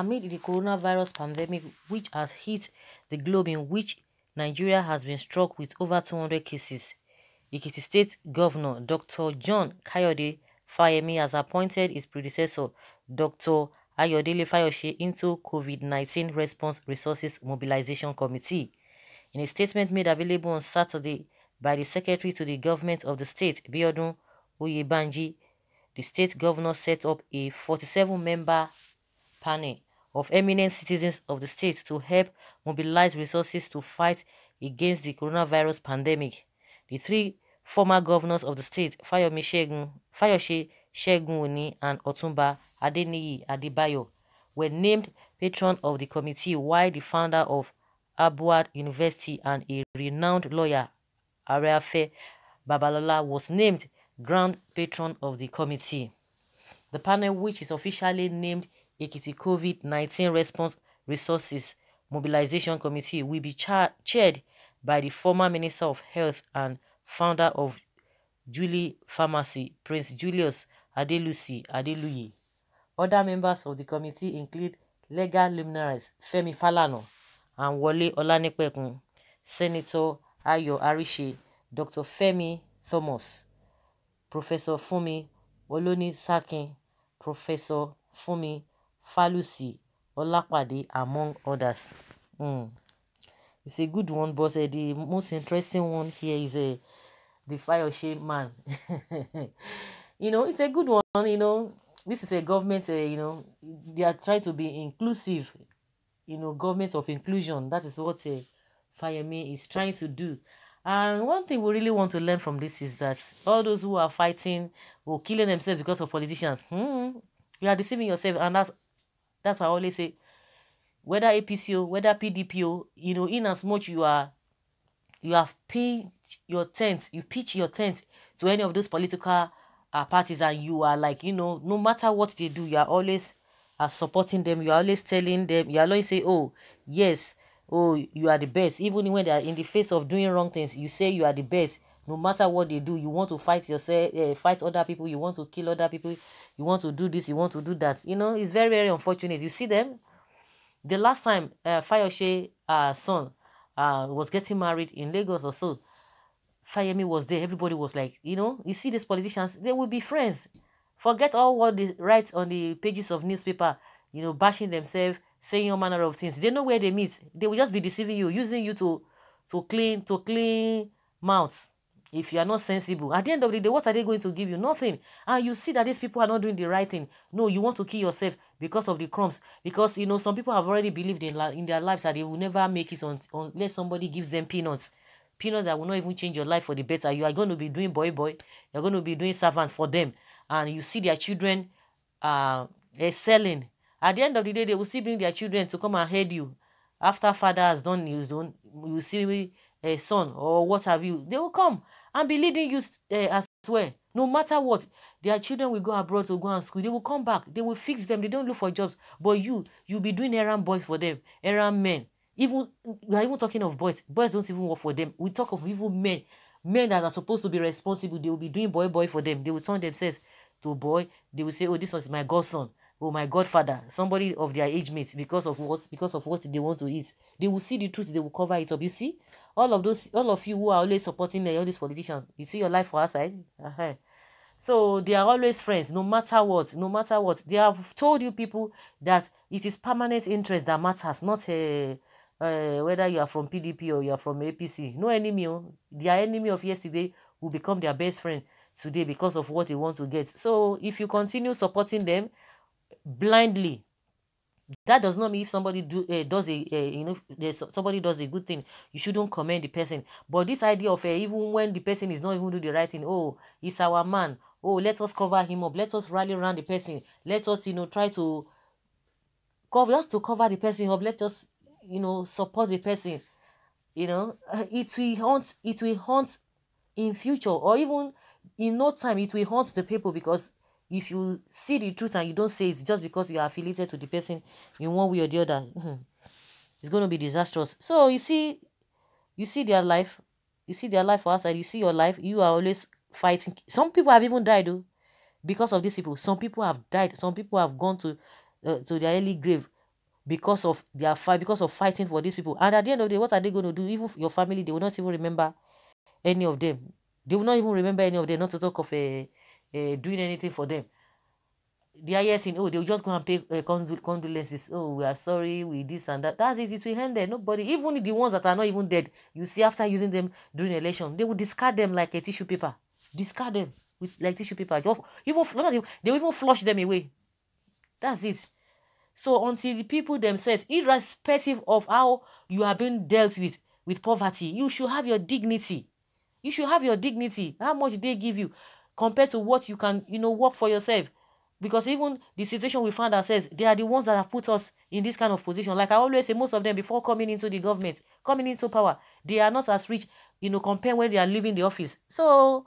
Amid the coronavirus pandemic, which has hit the globe in which Nigeria has been struck with over 200 cases, the State Governor Dr. John Kayode Fayemi has appointed his predecessor, Dr. Ayodele Fayoshe, into COVID-19 Response Resources Mobilization Committee. In a statement made available on Saturday by the Secretary to the Government of the State, Biodun Oyebanji, the state governor set up a 47-member panel of eminent citizens of the state to help mobilize resources to fight against the coronavirus pandemic. The three former governors of the state, Fayomi Shegun, Shegunwuni and Otumba Adeniyi Adibayo, were named patron of the committee while the founder of Abuad University and a renowned lawyer, Areafe Babalola, was named grand patron of the committee. The panel, which is officially named Ekiti COVID-19 Response Resources Mobilization Committee will be chaired by the former Minister of Health and founder of Julie Pharmacy, Prince Julius Adelusi Adeluyi. Other members of the committee include legal luminaries Femi Falano and Wole Olanipekun, Senator Ayo Arise, Dr. Femi Thomas, Professor Fumi Oloni Sakin, Professor Fumi Faluse Olapade, among others. Mm. It's a good one, but uh, the most interesting one here is uh, the fire shame man. you know, it's a good one. You know, this is a government. Uh, you know, they are trying to be inclusive. You know, government of inclusion. That is what uh, Fireme is trying to do. And one thing we really want to learn from this is that all those who are fighting or killing themselves because of politicians, hmm, you are deceiving yourself, and that's that's why I always say, whether APCO, whether PDPO, you know, in as much you are, you have pitched your tent, you pitch your tent to any of those political uh, parties, and you are like, you know, no matter what they do, you are always uh, supporting them. You are always telling them. You are always say, oh, yes, oh, you are the best. Even when they are in the face of doing wrong things, you say you are the best no matter what they do you want to fight yourself uh, fight other people you want to kill other people you want to do this you want to do that you know it's very very unfortunate you see them the last time uh, eh, Fayoshe uh, son uh, was getting married in Lagos or so Fayemi was there everybody was like you know you see these politicians they will be friends forget all what they write on the pages of newspaper you know bashing themselves saying all manner of things they know where they meet they will just be deceiving you using you to to clean to clean mouths if you are not sensible at the end of the day what are they going to give you nothing and you see that these people are not doing the right thing no you want to kill yourself because of the crumbs because you know some people have already believed in, in their lives that they will never make it unless somebody gives them peanuts peanuts that will not even change your life for the better you are going to be doing boy boy you're going to be doing servant for them and you see their children uh excelling at the end of the day they will still bring their children to come and head you after father has done his own you see a son or what have you they will come and be leading you uh, as well. No matter what, their children will go abroad to go and school. They will come back. They will fix them. They don't look for jobs. But you, you'll be doing errand boys for them, errand men. Even we are even talking of boys. Boys don't even work for them. We talk of evil men, men that are supposed to be responsible. They will be doing boy boy for them. They will turn themselves to boy. They will say, "Oh, this is my godson." oh my godfather somebody of their age mates because of what because of what they want to eat they will see the truth they will cover it up you see all of those all of you who are always supporting all these politicians you see your life for outside uh-huh. so they are always friends no matter what no matter what they have told you people that it is permanent interest that matters not a, uh, eh, eh, whether you are from pdp or you are from apc no enemy oh. their enemy of yesterday will become their best friend today because of what they want to get so if you continue supporting them blindly that does not mean if somebody do uh, does a uh, you know somebody does a good thing you shouldn't commend the person but this idea of uh, even when the person is not even doing the right thing oh he's our man oh let us cover him up let us rally around the person let us you know try to cover us to cover the person up let us you know support the person you know it will haunt it will haunt in future or even in no time it will haunt the people because if you see the truth and you don't say it just because you are affiliated to the person in one way or the other hmm, it's going to be disastrous so you see you see their life you see their life outside you see your life you are always fighting some people have even died though because of these people some people have died some people have gone to uh, to their early grave because of their fight because of fighting for these people and at the end of the day what are they going to do even your family they will not even remember any of them they will not even remember any of them not to talk of a eh, uh, doing anything for them. Oh, they are yes in oh they'll just go and pay uh, condolences. Oh we are sorry we this and that. That's easy to handle. end there. Nobody even the ones that are not even dead. You see after using them during election they will discard them like a tissue paper. Discard them with like tissue paper. Even, even they will even flush them away. That's it. So until the people themselves, irrespective of how you are being dealt with with poverty, you should have your dignity. You should have your dignity. How much they give you compared to what you can, you know, work for yourself. Because even the situation we find ourselves, they are the ones that have put us in this kind of position. Like I always say, most of them before coming into the government, coming into power, they are not as rich, you know, compared when they are leaving the office. So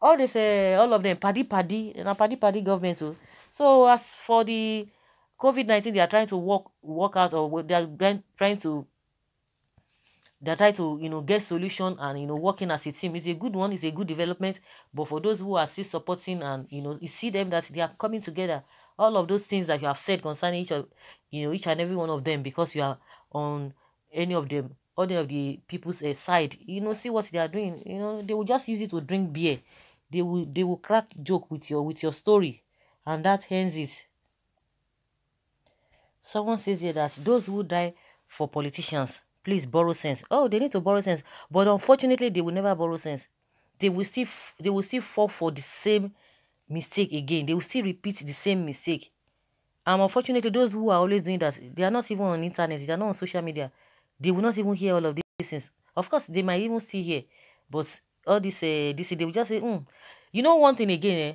all this, say, eh, all of them, paddy paddy, and a paddy paddy government too. Oh. So as for the COVID nineteen, they are trying to work work out, or they are trying to they're to you know get solution and you know working as a team is a good one it's a good development but for those who are still supporting and you know you see them that they are coming together all of those things that you have said concerning each of you know each and every one of them because you are on any of them any of the people's uh, side you know see what they are doing you know they will just use it to drink beer they will they will crack joke with your with your story and that ends it someone says here that those who die for politicians please borrow sense. Oh, they need to borrow sense. But unfortunately, they will never borrow sense. They will still they will still fall for the same mistake again. They will still repeat the same mistake. And unfortunately, those who are always doing that, they are not even on internet, they are not on social media. They will not even hear all of these things. Of course, they might even see here, but all this uh, this they will just say, mm. you know one thing again, eh?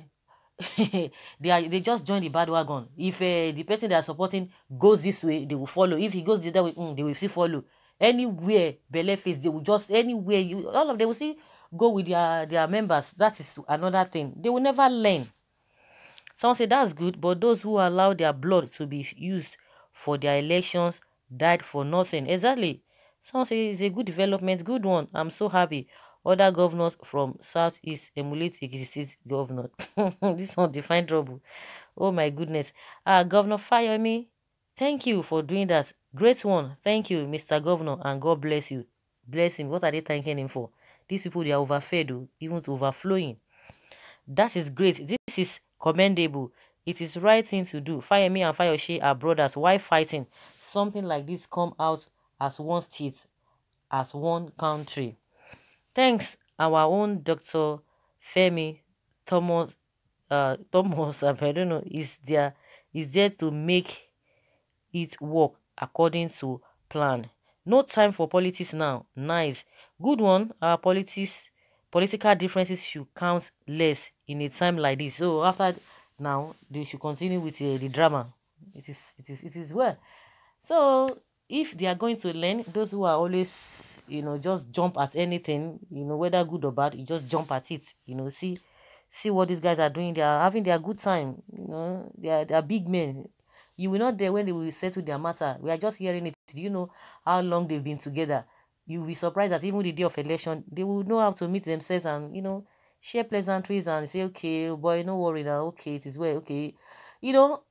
they are they just join the bad wagon. If uh, the person they are supporting goes this way, they will follow. If he goes the other way, mm, they will still follow anywhere belle face they will just anywhere you all of them will see go with their their members that is another thing they will never learn some say that's good but those who allow their blood to be used for their elections died for nothing exactly some say it's a good development good one i'm so happy other governors from southeast emulate Ekiti governor this one define trouble oh my goodness uh governor fire me thank you for doing that Great one. Thank you, Mr. Governor, and God bless you. Bless him. What are they thanking him for? These people, they are overfed, oh, even overflowing. That is great. This is commendable. It is right thing to do. Fire me and fire she are brothers. Why fighting? Something like this come out as one state, as one country. Thanks, our own Dr. Femi Thomas, uh, Thomas, I don't know, is there, is there to make it work according to plan. No time for politics now. Nice. Good one. Our politics, political differences should count less in a time like this. So after now, they should continue with uh, the drama. It is, it is, it is well. So if they are going to learn, those who are always, you know, just jump at anything, you know, whether good or bad, you just jump at it. You know, see, see what these guys are doing. They are having their good time. You know, they are, they are big men. You will not there when they will settle their matter. We are just hearing it. Do you know how long they've been together? You'll be surprised that even the day of election, they will know how to meet themselves and, you know, share pleasantries and say, okay, oh boy, no worry now. Okay, it is well. Okay. You know,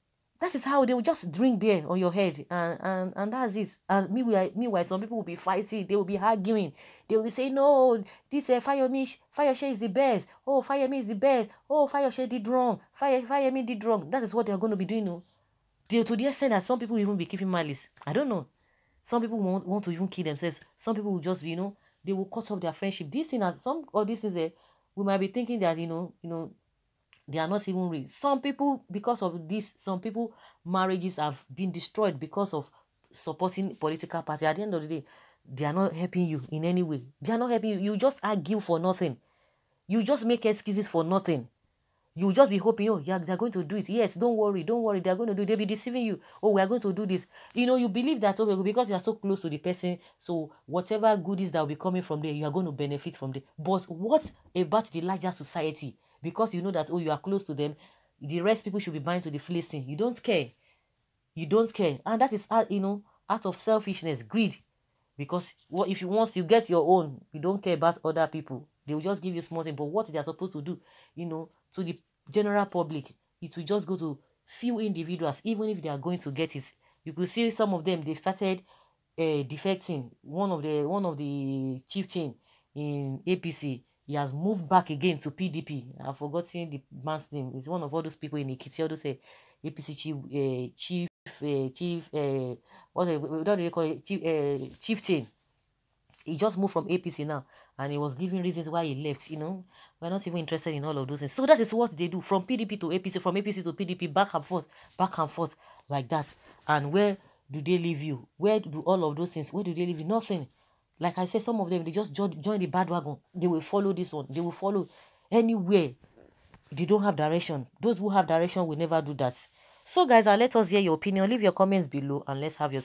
that is how they will just drink beer on your head and and, and that's it and meanwhile meanwhile some people will be fighting they will be arguing they will say no this uh, fire share is the best oh fire is the best oh fire share did wrong Fire Fayemi did wrong that is what they are going to be doing you know? Till to the extent that some people even be keeping malice. I don't know. Some people want, want to even kill themselves. Some people will just be, you know, they will cut off their friendship. This thing, some or this is a, we might be thinking that you know, you know, they are not even real. Some people, because of this, some people marriages have been destroyed because of supporting political party. At the end of the day, they are not helping you in any way. They are not helping you. You just argue for nothing. You just make excuses for nothing you just be hoping, oh, yeah, they're going to do it. Yes, don't worry, don't worry, they're going to do it. They'll be deceiving you. Oh, we're going to do this. You know, you believe that oh, because you are so close to the person, so whatever goodies that will be coming from there, you are going to benefit from there. But what about the larger society? Because you know that, oh, you are close to them, the rest people should be buying to the fleecing. You don't care. You don't care. And that is, you know, out of selfishness, greed. Because what if you once you get your own, you don't care about other people. They will just give you small thing. But what they are supposed to do, you know, to the general public, it will just go to few individuals, even if they are going to get it. You could see some of them they started uh, defecting. One of the one of the chieftain in APC, he has moved back again to PDP. I've forgotten the man's name. It's one of all those people in Ekiti, all those uh, eh, APC chief, uh, chief, uh, chief, uh, what, what do they call it? Chief, uh, chieftain. He just moved from APC now and he was giving reasons why he left. You know, we're not even interested in all of those things. So that is what they do from PDP to APC, from APC to PDP, back and forth, back and forth like that. And where do they leave you? Where do all of those things? Where do they leave you? Nothing. Like I said, some of them they just join, join the wagon. They will follow this one. They will follow anywhere. They don't have direction. Those who have direction will never do that. So, guys, uh, let us hear your opinion. Leave your comments below and let's have your.